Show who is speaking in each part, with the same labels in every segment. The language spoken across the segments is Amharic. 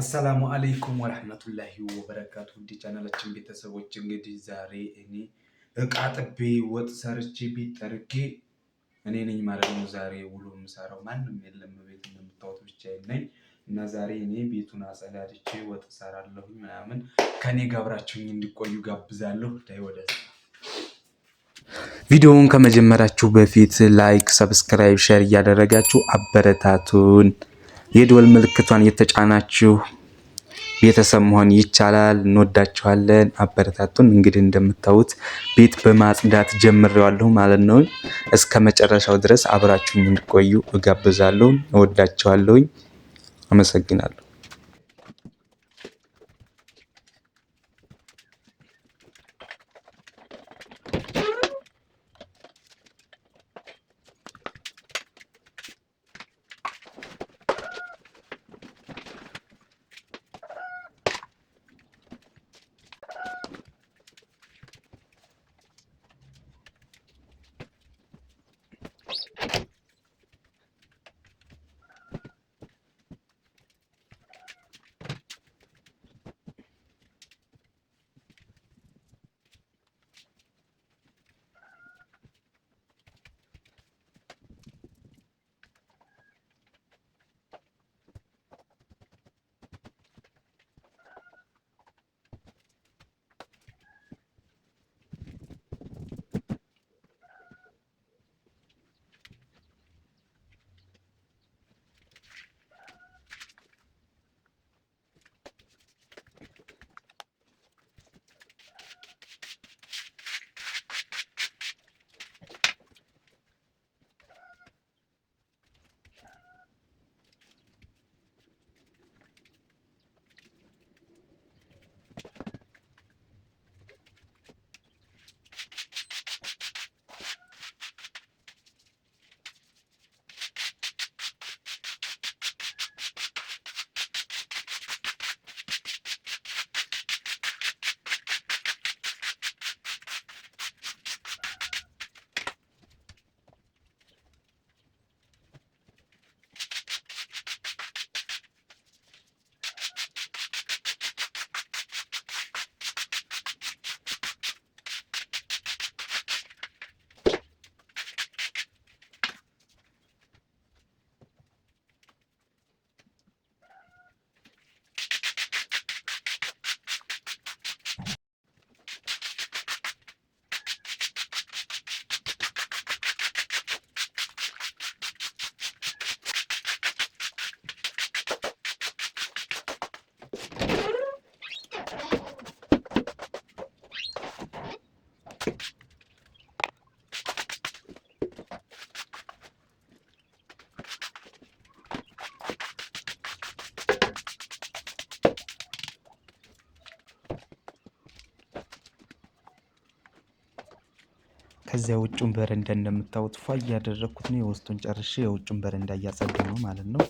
Speaker 1: አሰላሙ አለይኩም ወረህመቱላሂ ወበረካቱ። እንዲ ቻናላችን ቤተሰቦች እንግዲህ ዛሬ እኔ እቃ ጥቤ ወጥ ሰርቼ ቤት ጠርጌ እኔ ነኝ ማለት ነው። ዛሬ ውሎ የምሰራው ማንም የለም ቤት እንደምታወት ብቻዬን ነኝ እና ዛሬ እኔ ቤቱን አጸዳድቼ ወጥ እሰራለሁ ምናምን ከኔ ጋብራችሁኝ እንዲቆዩ ጋብዛለሁ። ዳይ ወደ ቪዲዮውን ከመጀመራችሁ በፊት ላይክ፣ ሰብስክራይብ፣ ሼር እያደረጋችሁ አበረታቱን። የደወል ምልክቷን የተጫናችሁ ቤተሰብ መሆን ይቻላል። እንወዳችኋለን፣ አበረታቱን። እንግዲህ እንደምታዩት ቤት በማጽዳት ጀምሬዋለሁ ማለት ነው። እስከ መጨረሻው ድረስ አብራችሁ እንድቆዩ እጋብዛለሁ። እወዳችኋለሁኝ። አመሰግናለሁ። ከዚያ የውጩን በረንዳ እንደምታዩት ፏ እያደረግኩት ነው። የውስጡን ጨርሼ የውጩን በረንዳ እያጸዳሁ ነው ማለት ነው።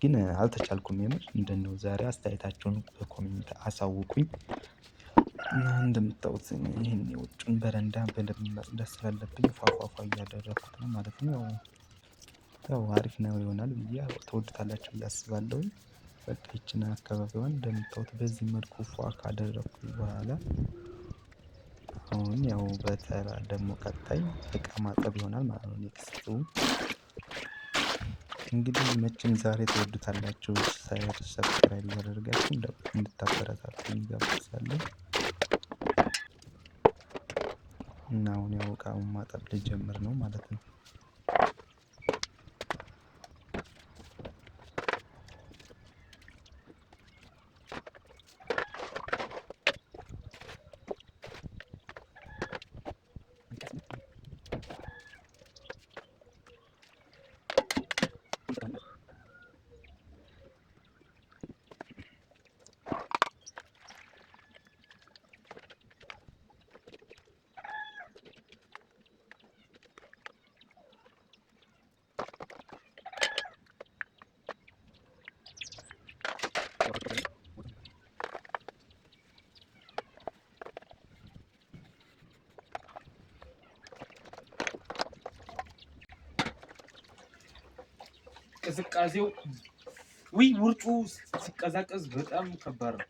Speaker 1: ግን አልተቻልኩም። የምር እንደነው ዛሬ አስተያየታቸውን በኮሜንት አሳውቁኝ። እና እንደምታዩት ይህን የውጩን በረንዳ በደንብ ማጽዳት ስላለብኝ ፏፏፏ እያደረግኩት ነው ማለት ነው። ያው አሪፍ ነው ይሆናል ብዬ ተወድታላቸው እያስባለሁ። በቃ ይችን አካባቢዋን እንደምታዩት በዚህ መልኩ ፏ ካደረግኩ በኋላ አሁን ያው በተራ ደግሞ ቀጣይ እቃ ማጠብ ይሆናል ማለት ነው። ኔክስቱ እንግዲህ መቼም ዛሬ ትወዱታላችሁ። ሳይር ሰብስክራይብ እያደረጋችሁ እንድታበረታቱ ይጋብዛለሁ። እና አሁን ያው እቃውን ማጠብ ልጀምር ነው ማለት ነው። ቅዝቃዜው ውይ ውርጩ ሲቀዛቀዝ በጣም ከባድ ነው።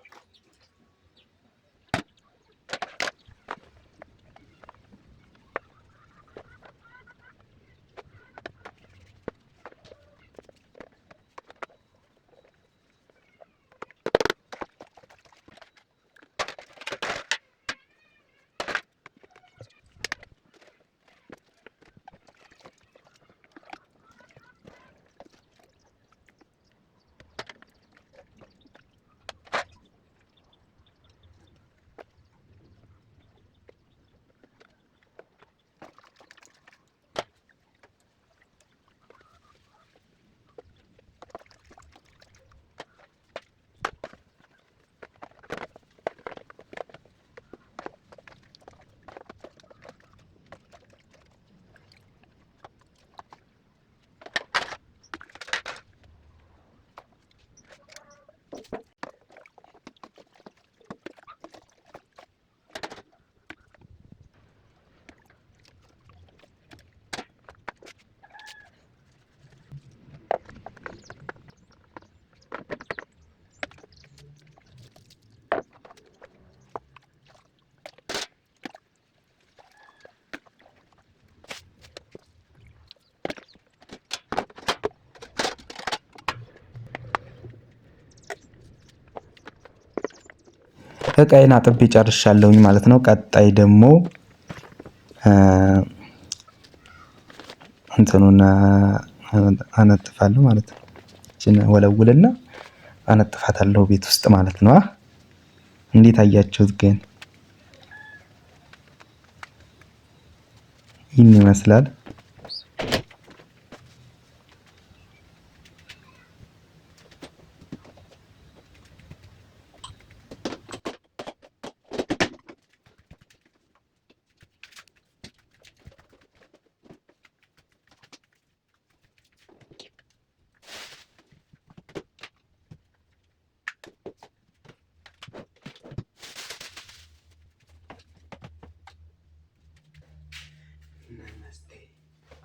Speaker 1: እቃዬን አጥቤ ጨርሻለሁኝ ማለት ነው። ቀጣይ ደግሞ እንትኑን አነጥፋለሁ ማለት ነው። እችን ወለውልና አነጥፋታለሁ ቤት ውስጥ ማለት ነው። እንዴት አያችሁት ግን ይህን ይመስላል።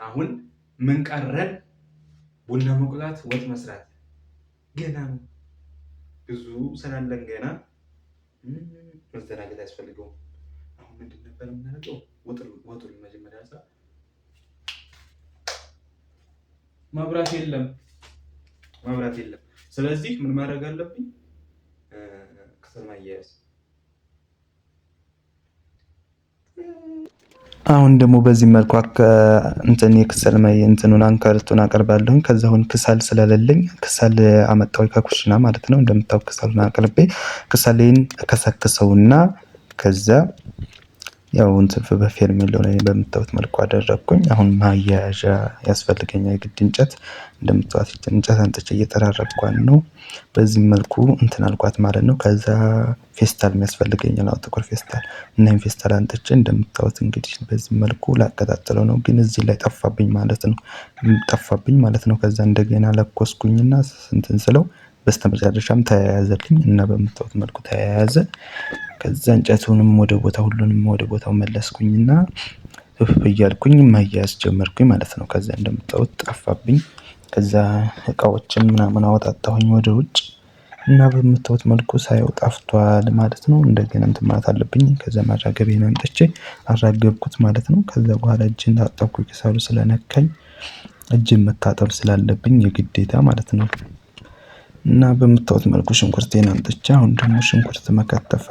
Speaker 1: አሁን ምን ቀረን? ቡና መቁላት፣ ወጥ መስራት ገና ነው። ብዙ ስላለን ገና መዘናገት አያስፈልገውም። አሁን ምንድን ነበር የምናደርገው? ወጡን መጀመሪያ ስራ መብራት የለም፣ መብራት የለም። ስለዚህ ምን ማድረግ አለብኝ? ከተማ አያያዝ አሁን ደግሞ በዚህ መልኩ እንትን የክሰል እንትኑን አንከርቱን ከዚ አሁን ክሰል ስለሌለኝ ክሰል አመጣዊ ከኩሽና ማለት ነው። እንደምታው ክሰሉን አቅርቤ ክሰሌን ከሰክሰውና ከዛ ያው እንትፍ በፌርሜሎ ላይ በምታዩት መልኩ አደረግኩኝ። አሁን ማያያዣ ያስፈልገኛ የግድ እንጨት እንደምታዩት እንጨት አንጥቼ እየጠራረኳን ነው። በዚህ መልኩ እንትን አልኳት ማለት ነው። ከዛ ፌስታል የሚያስፈልገኝ ነው፣ ጥቁር ፌስታል እናም ፌስታል አንጥቼ እንደምታዩት እንግዲህ በዚህ መልኩ ላቀጣጥለው ነው። ግን እዚህ ላይ ጠፋብኝ ማለት ነው ጠፋብኝ ማለት ነው። ከዛ እንደገና ለኮስኩኝና ስንትን ስለው በስተመጨረሻም ተያያዘልኝ እና በምታዩት መልኩ ተያያዘ። ከዛ እንጨቱንም ወደ ቦታ ሁሉንም ወደ ቦታው መለስኩኝና እፍ እያልኩኝ መያዝ ጀመርኩኝ ማለት ነው። ከዛ እንደምታዩት ጠፋብኝ። ከዛ እቃዎችን ምናምን አወጣጣሁኝ ወደ ውጭ እና በምታዩት መልኩ ሳየው ጠፍቷል ማለት ነው። እንደገና እንትን ማለት አለብኝ። ከዛ ማራገቢያን አምጥቼ አራገብኩት ማለት ነው። ከዛ በኋላ እጅን ታጠብኩ፣ ኪሳሩ ስለነካኝ እጅን መታጠብ ስላለብኝ የግዴታ ማለት ነው። እና በምታዩት መልኩ ሽንኩርቴን አምጥቼ አሁን ደግሞ ሽንኩርት መከተፍ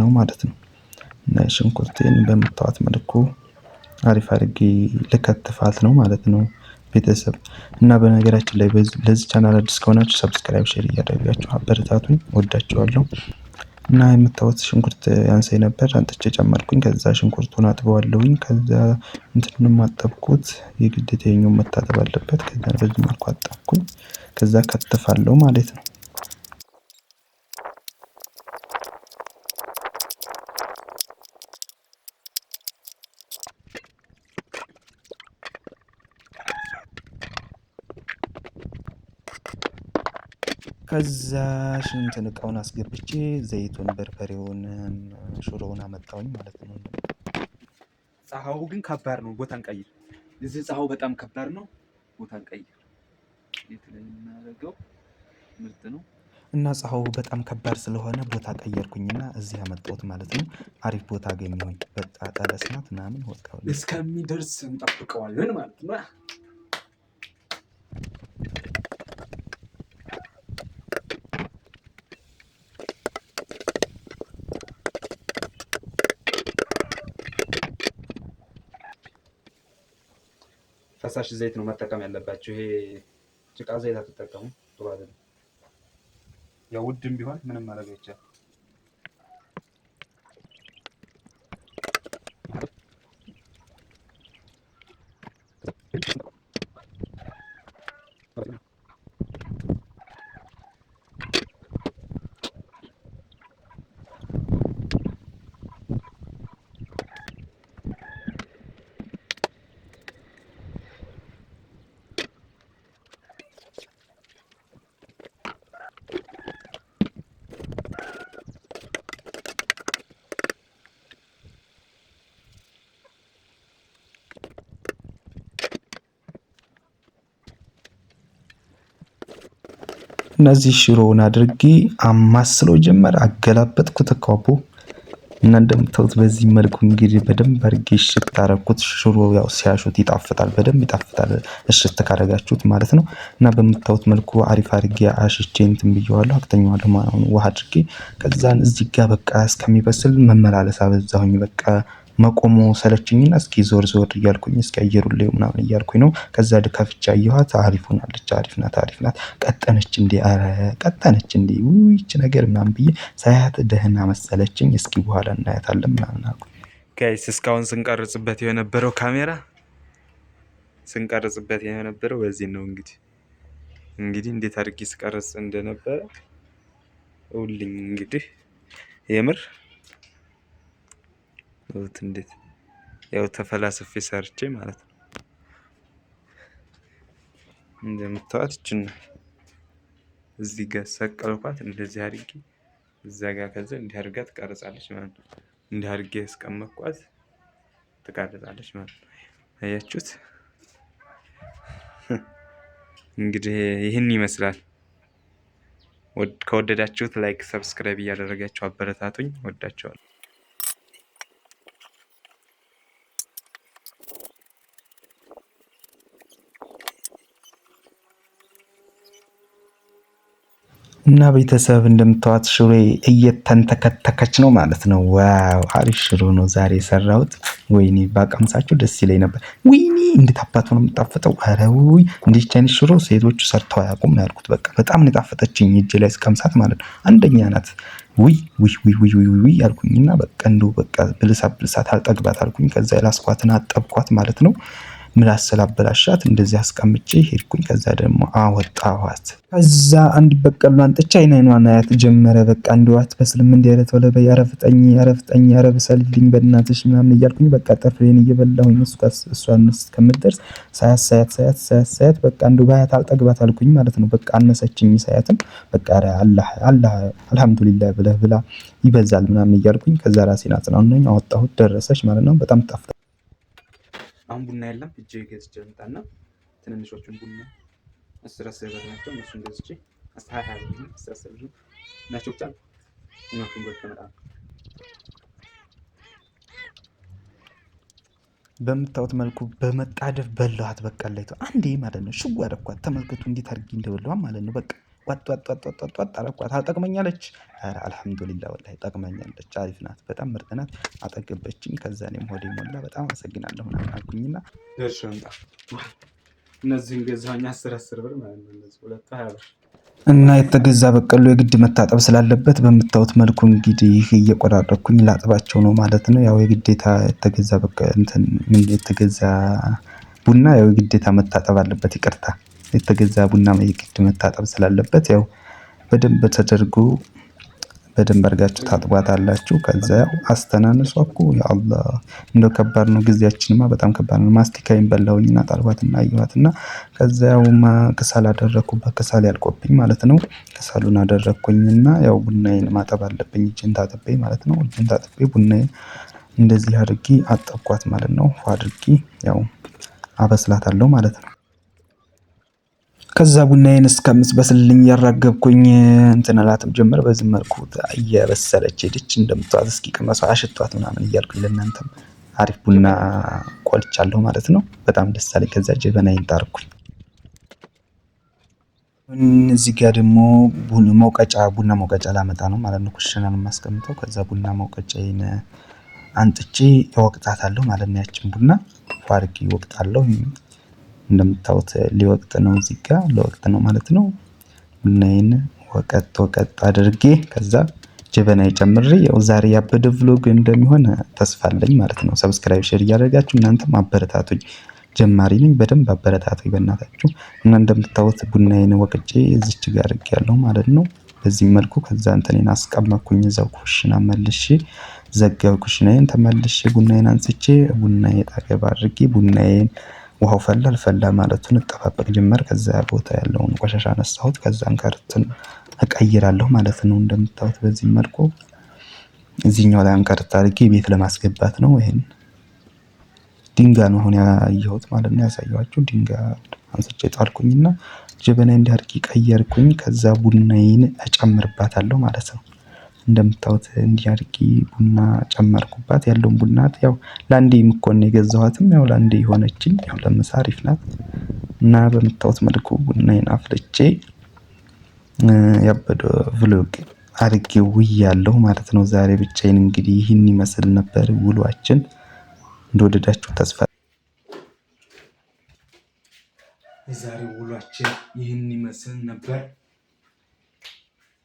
Speaker 1: ነው ማለት ነው። እና ሽንኩርቴን በምታዩት መልኩ አሪፍ አድርጌ ልከትፋት ነው ማለት ነው ቤተሰብ። እና በነገራችን ላይ ለዚህ ቻናል አዲስ ከሆናችሁ ሰብስክራይብ፣ ሼር እያደረጋችሁ አበረታቱኝ። ወዳችኋለሁ። እና የምታወት ሽንኩርት ያንሳይ ነበር አንጥቼ ጨመርኩኝ። ከዛ ሽንኩርቱን አጥበዋለሁኝ። ከዛ እንትን ማጠብኩት የግዴታ የኛው መታጠብ አለበት። ከዛ በዚህ መልኩ አጠብኩኝ። ከዛ ከትፋለሁ ማለት ነው። ከዛ ሽንትን እቃውን አስገብቼ ዘይቱን በርበሬውን ሽሮውን አመጣውኝ ማለት ነው። ፀሐዩ ግን ከባድ ነው። ቦታን ቀይር። እዚህ ፀሐዩ በጣም ከባድ ነው። ቦታን ቀይር። የት ላይ የምናደርገው ምርጥ ነው እና ፀሐዩ በጣም ከባድ ስለሆነ ቦታ ቀየርኩኝና እዚህ ያመጣውት ማለት ነው። አሪፍ ቦታ አገኘሁኝ። ጠለስናት ምናምን ወጣሁ። እስከሚደርስ እንጠብቀዋለን ማለት ነው። ፈሳሽ ዘይት ነው መጠቀም ያለባቸው። ይሄ ጭቃ ዘይት አትጠቀሙ፣ ጥሩ አይደለም። ያው ውድም ቢሆን ምንም ማድረግ አይቻልም። እነዚህ ሽሮውን አድርጌ አማስለው ጀመር አገላበጥኩት ተካቦ እና እንደምታዩት በዚህ መልኩ እንግዲህ በደንብ አድርጌ እሽት አደረኩት። ሽሮ ያው ሲያሹት ይጣፍጣል፣ በደንብ ይጣፍጣል እሽት ካደረጋችሁት ማለት ነው። እና በምታዩት መልኩ አሪፍ አድርጌ አሽቼ እንትን ብየዋለሁ፣ አክተኛዋለሁ ማለት ነው ውሃ አድርጌ። ከዛን እዚህ ጋር በቃ እስከሚበስል መመላለስ አበዛሁኝ በቃ መቆሙ ሰለችኝና እስኪ ዞር ዞር እያልኩኝ እስኪ አየሩ ላይ ምናምን እያልኩኝ ነው። ከዛ ልከፍቻ አየኋት። አሪፍ ሆናለች። አሪፍ ናት። አሪፍ ናት። ቀጠነች እንዴ! ኧረ ቀጠነች እንዴ! ይች ነገር ምናምን ብዬ ሳያት ደህና መሰለችኝ። እስኪ በኋላ እናያታለን ምናምን አልኩኝ። ጋይስ እስካሁን ስንቀርጽበት የነበረው ካሜራ ስንቀርጽበት የነበረው በዚህ ነው። እንግዲህ እንግዲህ እንዴት አድርጌ ስቀርጽ እንደነበረ እውልኝ እንግዲህ የምር ት እንዴት ያው ተፈላስፌ ሰርቼ ማለት ነው። እንደምታዋት ይችን እዚህ ጋር ሰቀልኳት። እንደዚህ አድርጌ እዛ ጋር ከዛ እንዲህ አድርጋ ትቀርጻለች ማለት ነው። እንዲህ አድርጌ ያስቀመጥኳት ትቀርጻለች ማለት ነው። አያችሁት? እንግዲህ ይህን ይመስላል። ከወደዳችሁት ላይክ፣ ሰብስክራይብ እያደረጋችሁ አበረታቱኝ። ወዳችኋል። እና ቤተሰብ እንደምታዋት ሽሮ እየተንተከተከች ነው ማለት ነው። ዋው አሪፍ ሽሮ ነው ዛሬ የሰራሁት። ወይኔ ባቀምሳችሁ ደስ ይለኝ ነበር። ወይኔ እንዴት አባቱ ነው የምጣፍጠው! ኧረ ውይ እንዲች አይነት ሽሮ ሴቶቹ ሰርተው አያውቁም ያልኩት በቃ በጣም ነው የጣፈጠችኝ። እጅ ላይ ስቀምሳት ማለት ነው አንደኛ ናት። ውይ ውይ ውይ ውይ አልኩኝ እና በቃ እንደው በቃ ብልሳት ብልሳት አልጠግባት አልኩኝ። ከዛ የላስኳትን አጠብኳት ማለት ነው። ምን አሰላበላሻት? እንደዚህ አስቀምጬ ሄድኩኝ። ከዛ ደግሞ አወጣኋት። ከዛ አንድ በቀሉ አንጥቻ አይኗን አያት ጀመረ። በቃ እንዲዋት በስልም እንዲያለት ወለበ ያረፍጠኝ ያረፍጠኝ ያረብሰልኝ በእናትሽ ምናምን እያልኩኝ በቃ ጠፍሬን እየበላሁኝ እሷን እስከምደርስ ሳያት ሳያት ሳያት ሳያት ሳያት በቃ እንዲ ባያት አልጠግባት አልኩኝ ማለት ነው። በቃ አነሰችኝ። ሳያትም በቃ አልሐምዱሊላ ብለህ ብላ ይበዛል ምናምን እያልኩኝ ከዛ ራሴን አጽናነኝ አወጣሁት ደረሰች ማለት ነው። በጣም ጠፍ አሁን ቡና የለም። እጅ ገዝቼ ልምጣና ትንንሾቹን ቡና አስር አስር ብር ናቸው። እነሱን ገዝቼ ሀያ ሀያ ብር አስር አስር ብር ናቸው ብቻ እነሱን ገዝቼ እመጣለሁ። በምታዩት መልኩ በመጣደፍ በላኋት። በቃ ላይ አንዴ ማለት ነው ሽጉ አደረኳት። ተመልከቱ እንዴት አድርጌ እንደበላኋት ማለት ነው በቃ ወጥ ወጥ ወጥ ወጥ ወጥ ወጥ ዋጥ አረኳት። ጠቅመኛለች አልሐምዱሊላህ ወላሂ ጠቅመኛለች። አሪፍ ናት፣ በጣም ምርጥ ናት። አጠገበችኝ። ከዛ እኔም ሆዴ ሞላ። በጣም አመሰግናለሁ ምናምን አልኩኝና ደርሼ እምጣ እነዚህን ገዛሁኝ አስር አስር ብር ማለት ነው እነዚህ ሁለቱ ሀያ ብር እና የተገዛ በቀሎ የግድ መታጠብ ስላለበት በምታዩት መልኩ እንግዲህ እየቆራረኩኝ ላጥባቸው ነው ማለት ነው። ያው የግዴታ የተገዛ በቀ እንትን የተገዛ ቡና ያው የግዴታ መታጠብ አለበት። ይቅርታ የተገዛ ቡና የግድ መታጠብ ስላለበት ያው በደንብ ተደርጎ በደንብ አድርጋችሁ ታጥቧታላችሁ። ከዛ አስተናንሷ እኮ ያአላህ እንደው ከባድ ነው። ጊዜያችንማ በጣም ከባድ ነው። ማስቲካይን በላሁኝና ጣልኳትና አየኋትና ከዛ ያው ክሳል አደረኩበት። ክሳል ያልቆብኝ ማለት ነው። ክሳሉን አደረኩኝና ያው ቡናዬን ማጠብ አለብኝ። እጅን ታጥቤ ማለት ነው። እጅን ታጥቤ ቡናዬን እንደዚህ አድርጌ አጠብኳት ማለት ነው። አድርጌ ያው አበስላታለሁ ማለት ነው። ከዛ ቡናዬን እስከምትበስልልኝ ያራገብኩኝ እንትን እላትም ጀመር። በዚህ መልኩ እየበሰለች ሄደች። እንደምትዋት እስኪ ቅመሷ፣ አሽቷት ምናምን እያልኩ ለእናንተም አሪፍ ቡና ቆልቻለሁ ማለት ነው። በጣም ደስ አለኝ። ከዛ ጀበናዬን ጣርኩኝ። እዚህ ጋር ደግሞ መውቀጫ ቡና መውቀጫ ላመጣ ነው ማለት ነው። ኩሽናን የማስቀምጠው ከዛ ቡና መውቀጫዬን አንጥቼ እወቅጣታለሁ ማለት ነው። ያችን ቡና ፏርጊ እወቅጣለሁ። እንደምታዩት ሊወቅጥ ነው እዚህ ጋር ለወቅጥ ነው ማለት ነው። ቡናዬን ወቀጥ ወቀጥ አድርጌ ከዛ ጀበና ጨምሬ ያው ዛሬ ያበደ ቭሎግ እንደሚሆን ተስፋ አለኝ ማለት ነው። ሰብስክራይብ፣ ሼር እያደረጋችሁ እናንተም አበረታቱኝ። ጀማሪ ነኝ፣ በደንብ አበረታቱኝ በእናታችሁ እና እንደምታዩት ቡናዬን ወቅጬ እዚች ጋር አድርጌ ያለው ማለት ነው። በዚህ መልኩ ከዛ እንትኔን አስቀመኩኝ እዛው ኩሽና መልሼ ዘጋው። ኩሽናዬን ተመልሼ ቡናዬን አንስቼ ቡናዬ ጣገባ አድርጌ ቡናዬን ውሃው ፈላል ፈላ ማለቱን እጠባበቅ ጀመር። ከዛ ቦታ ያለውን ቆሻሻ አነሳሁት። ከዛን ከርትን እቀይራለሁ ማለት ነው። እንደምታዩት በዚህ መልኩ እዚህኛው ላይ አንከርት አድርጌ ቤት ለማስገባት ነው። ይሄን ድንጋይ ነው አሁን ያየሁት ማለት ነው። ያሳየኋችሁ ድንጋይ አንስቼ ጣልኩኝና ጀበና እንዲህ ቀየርኩኝ። ከዛ ቡናዬን እጨምርባታለሁ ማለት ነው። እንደምታዩት እንዲህ አድርጌ ቡና ጨመርኩባት። ያለውን ቡና ያው ለአንዴ ምኮን የገዛኋትም ያው ለአንዴ የሆነችኝ ያው ለምሳ አሪፍ ናት እና በምታዩት መልኩ ቡናዬን አፍልቼ ያበደ ቭሎግ አድርጌ ውያለሁ ማለት ነው። ዛሬ ብቻዬን እንግዲህ ይህን ይመስል ነበር ውሏችን። እንደወደዳችሁ ተስፋ የዛሬ ውሏችን ይህን ይመስል ነበር።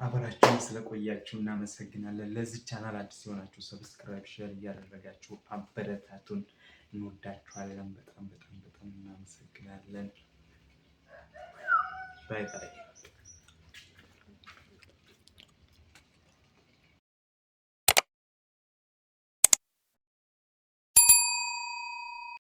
Speaker 1: አበራችሁን ስለቆያችሁ እናመሰግናለን። ለዚህ ቻናል አዲስ የሆናችሁ ሰብስክራይብ፣ ሼር እያደረጋችሁ አበረታቱን። እንወዳችኋለን። በጣም በጣም በጣም እናመሰግናለን። ባይ ባይ።